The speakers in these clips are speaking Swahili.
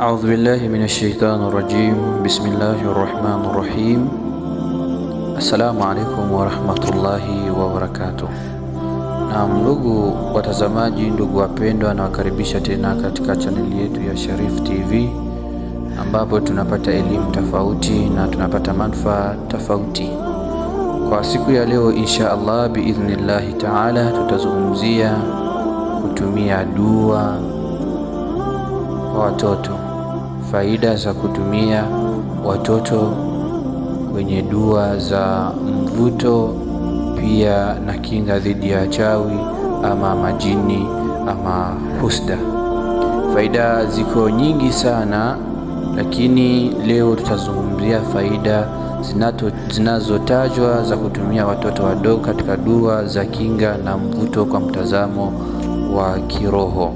أعوذ بالله من الشيطان الرجيم بسم الله الرحمن الرحيم السلام عليكم ورحمة الله وبركاته. Na ndugu watazamaji, ndugu wapendwa, nawakaribisha tena katika chaneli yetu ya Sharif TV ambapo tunapata elimu tofauti na tunapata manufaa tofauti. Kwa siku ya leo insha Allah biidhnillahi taala tutazungumzia kutumia dua kwa watoto. Faida za kutumia watoto kwenye dua za mvuto, pia na kinga dhidi ya chawi ama majini ama husda. Faida ziko nyingi sana, lakini leo tutazungumzia faida zinazotajwa za kutumia watoto wadogo katika dua za kinga na mvuto kwa mtazamo wa kiroho.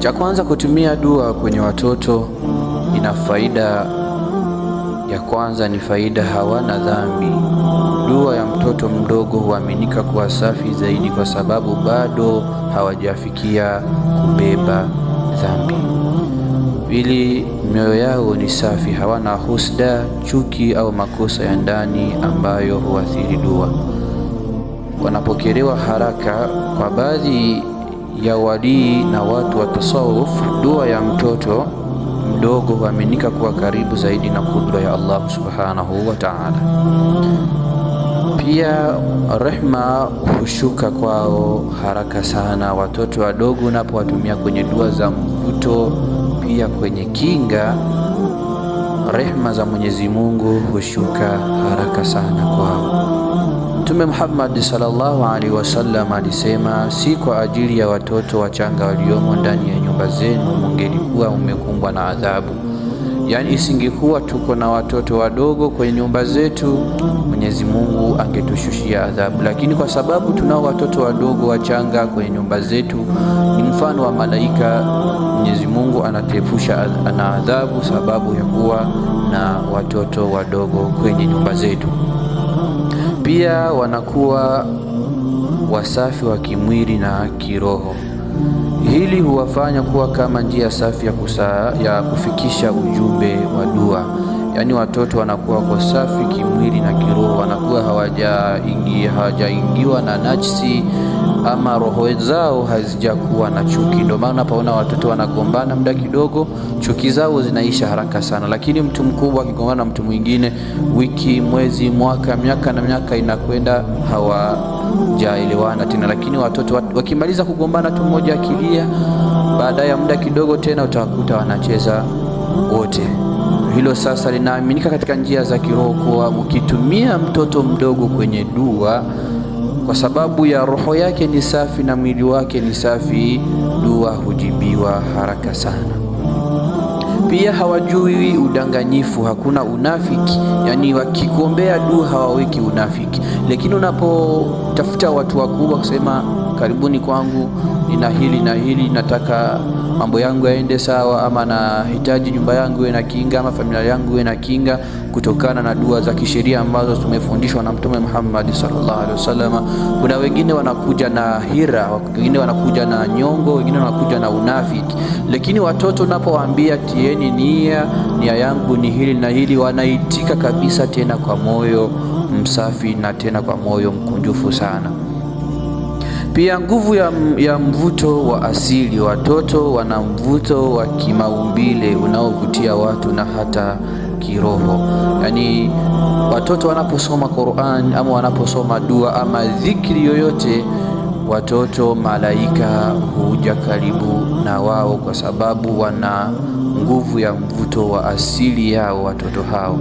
Cha kwanza, kutumia dua kwenye watoto ina faida ya kwanza, ni faida hawana dhambi. Dua ya mtoto mdogo huaminika kuwa safi zaidi kwa sababu bado hawajafikia kubeba dhambi. Pili, mioyo yao ni safi, hawana husda, chuki au makosa ya ndani ambayo huathiri dua. Wanapokelewa haraka kwa baadhi ya walii na watu wa tasawuf, dua ya mtoto mdogo huaminika kuwa karibu zaidi na kudra ya Allah subhanahu wa ta'ala. Pia rehma hushuka kwao haraka sana watoto wadogo, unapowatumia kwenye dua za mvuto, pia kwenye kinga, rehma za Mwenyezi Mungu hushuka haraka sana kwao. Mtume Muhammad sallallahu alaihi wasallam alisema, si kwa ajili ya watoto wachanga waliomo ndani ya nyumba zenu mungelikuwa umekumbwa na adhabu. Yaani isingekuwa tuko na watoto wadogo kwenye nyumba zetu, Mwenyezi Mungu angetushushia adhabu, lakini kwa sababu tunao watoto wadogo wachanga kwenye nyumba zetu, ni mfano wa malaika, Mwenyezi Mungu anatefusha na adhabu sababu ya kuwa na watoto wadogo kwenye nyumba zetu. Pia wanakuwa wasafi wa kimwili na kiroho. Hili huwafanya kuwa kama njia safi ya, kusa, ya kufikisha ujumbe wa dua yaani watoto wanakuwa wako safi kimwili na kiroho, wanakuwa hawajaingia hawajaingiwa na najisi ama roho zao hazijakuwa na chuki. Ndio maana paona watoto wanagombana muda kidogo, chuki zao zinaisha haraka sana. Lakini mtu mkubwa akigombana na mtu mwingine, wiki, mwezi, mwaka, miaka na miaka inakwenda, hawajaelewana tena. Lakini watoto wakimaliza kugombana tu, mmoja akilia, baada ya muda kidogo tena utawakuta wanacheza wote hilo sasa linaaminika katika njia za kiroho kuwa ukitumia mtoto mdogo kwenye dua, kwa sababu ya roho yake ni safi na mwili wake ni safi, dua hujibiwa haraka sana. Pia hawajui udanganyifu, hakuna unafiki, yaani wakikuombea dua hawaweki unafiki. Lakini unapotafuta watu wakubwa kusema karibuni kwangu, nina hili na hili, nataka mambo yangu yaende sawa, ama nahitaji nyumba yangu iwe na kinga, ama familia yangu iwe na kinga, kutokana na dua za kisheria ambazo tumefundishwa na Mtume Muhammad sallallahu alaihi wasallam. Kuna wengine wanakuja na hira, wengine wanakuja na nyongo, wengine wanakuja na unafiki, lakini watoto unapowaambia tieni nia, nia yangu ni hili na hili, wanaitika kabisa, tena kwa moyo msafi na tena kwa moyo mkunjufu sana. Pia nguvu ya, ya mvuto wa asili. Watoto wana mvuto wa kimaumbile unaovutia watu na hata kiroho. Yaani watoto wanaposoma Qur'an ama wanaposoma dua ama dhikri yoyote, watoto malaika huja karibu na wao, kwa sababu wana nguvu ya mvuto wa asili yao watoto hao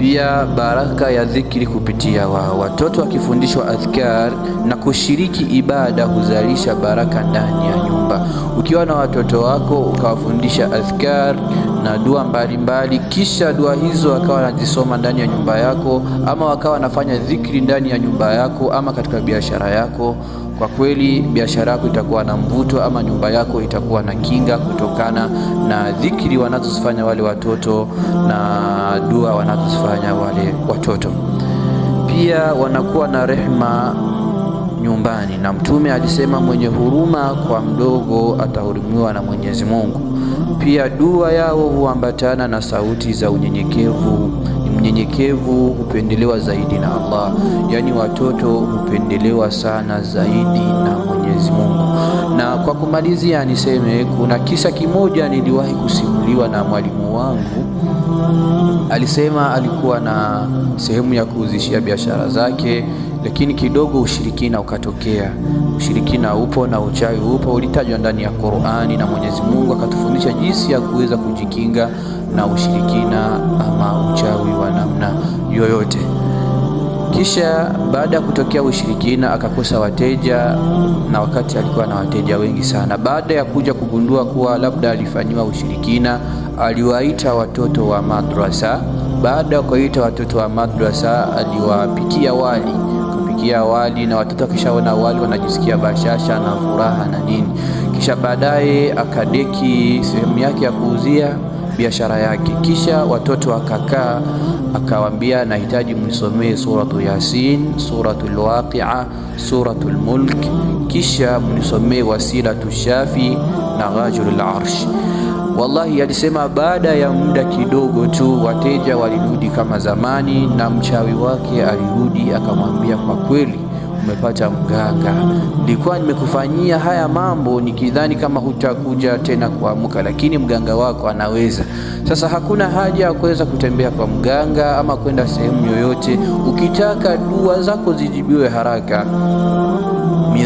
pia baraka ya dhikri kupitia wao. Watoto wakifundishwa adhkar na kushiriki ibada huzalisha baraka ndani ya nyumba. Ukiwa na watoto wako ukawafundisha adhkar na dua mbalimbali, kisha dua hizo akawa anazisoma ndani ya nyumba yako, ama wakawa anafanya dhikri ndani ya nyumba yako, ama katika biashara yako. Kwa kweli biashara yako itakuwa na mvuto, ama nyumba yako itakuwa na kinga kutokana na dhikri wanazozifanya wale watoto na dua wanazozifanya wale watoto. Pia wanakuwa na rehma nyumbani, na Mtume alisema mwenye huruma kwa mdogo atahurumiwa na Mwenyezi Mungu. Pia dua yao huambatana na sauti za unyenyekevu. Mnyenyekevu hupendelewa zaidi na Allah, yaani watoto hupendelewa sana zaidi na Mwenyezi Mungu. Na kwa kumalizia, niseme kuna kisa kimoja niliwahi kusimuliwa na mwalimu wangu. Alisema alikuwa na sehemu ya kuuzishia biashara zake lakini kidogo ushirikina ukatokea. Ushirikina upo na uchawi upo, ulitajwa ndani ya Qur'ani na Mwenyezi Mungu akatufundisha jinsi ya kuweza kujikinga na ushirikina ama uchawi wa namna yoyote. Kisha baada ya kutokea ushirikina akakosa wateja, na wakati alikuwa na wateja wengi sana. Baada ya kuja kugundua kuwa labda alifanyiwa ushirikina, aliwaita watoto wa madrasa. Baada ya kuwaita watoto wa madrasa, aliwapikia wali wanajisikia wali, na watoto wakishaona wali wanajisikia bashasha na furaha na nini. Kisha baadaye akadeki sehemu yake ya kuuzia biashara yake, kisha watoto akakaa akawaambia, nahitaji mnisomee suratu Yasin, suratu Lwaqia, suratu Lmulk, kisha mnisomee wasilatu Shafi na ghajulu Larsh. Wallahi, alisema baada ya muda kidogo tu wateja walirudi kama zamani, na mchawi wake alirudi akamwambia, kwa kweli umepata mganga, nilikuwa nimekufanyia haya mambo nikidhani kama hutakuja tena kuamka, lakini mganga wako anaweza. Sasa hakuna haja ya kuweza kutembea kwa mganga ama kwenda sehemu yoyote. Ukitaka dua zako zijibiwe haraka.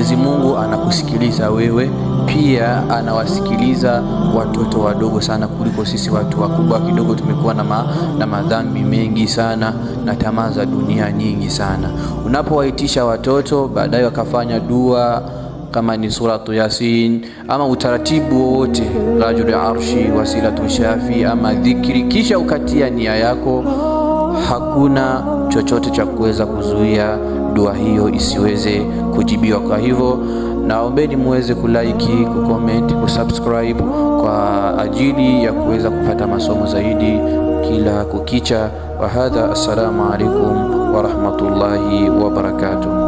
Mwenyezi Mungu anakusikiliza wewe, pia anawasikiliza watoto wadogo sana kuliko sisi watu wakubwa kidogo. Tumekuwa na, ma, na madhambi mengi sana na tamaa za dunia nyingi sana. Unapowaitisha watoto baadaye wakafanya dua kama ni suratu Yasin ama utaratibu wowote, rajul arshi wasilatu shafi ama dhikri, kisha ukatia nia yako, hakuna chochote cha kuweza kuzuia dua hiyo isiweze kujibiwa. Kwa hivyo naombeni muweze kulike, kucomment, kusubscribe kwa ajili ya kuweza kupata masomo zaidi kila kukicha. Wahadha, assalamu alaikum warahmatullahi wabarakatuh.